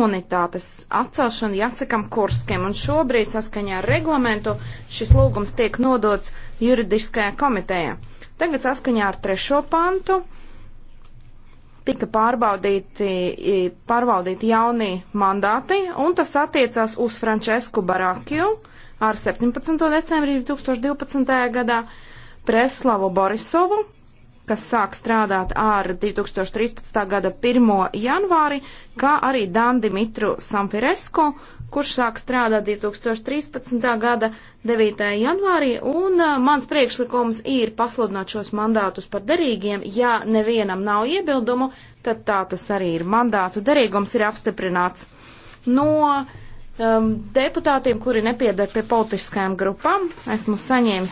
imunitātes atcelšanu Jacekam Kurskiem, un šobrīd saskaņā ar reglamentu šis lūgums tiek nodots juridiskajā komitejā. Tagad saskaņā ar trešo pantu tika pārbaudīti, pārbaudīti jaunie mandāti, un tas attiecās uz Francesku Barakiju ar 17. decembrī 2012. gadā, Preslavu Borisovu kas sāk strādāt ar 2013. gada 1. janvāri, kā arī Dan Dimitru Samfiresko, kurš sāk strādāt 2013. gada 9. janvārī, un uh, mans priekšlikums ir pasludināt šos mandātus par derīgiem. Ja nevienam nav iebildumu, tad tā tas arī ir. Mandātu derīgums ir apstiprināts. No um, deputātiem, kuri nepiedar pie politiskajām grupām, esmu saņēmis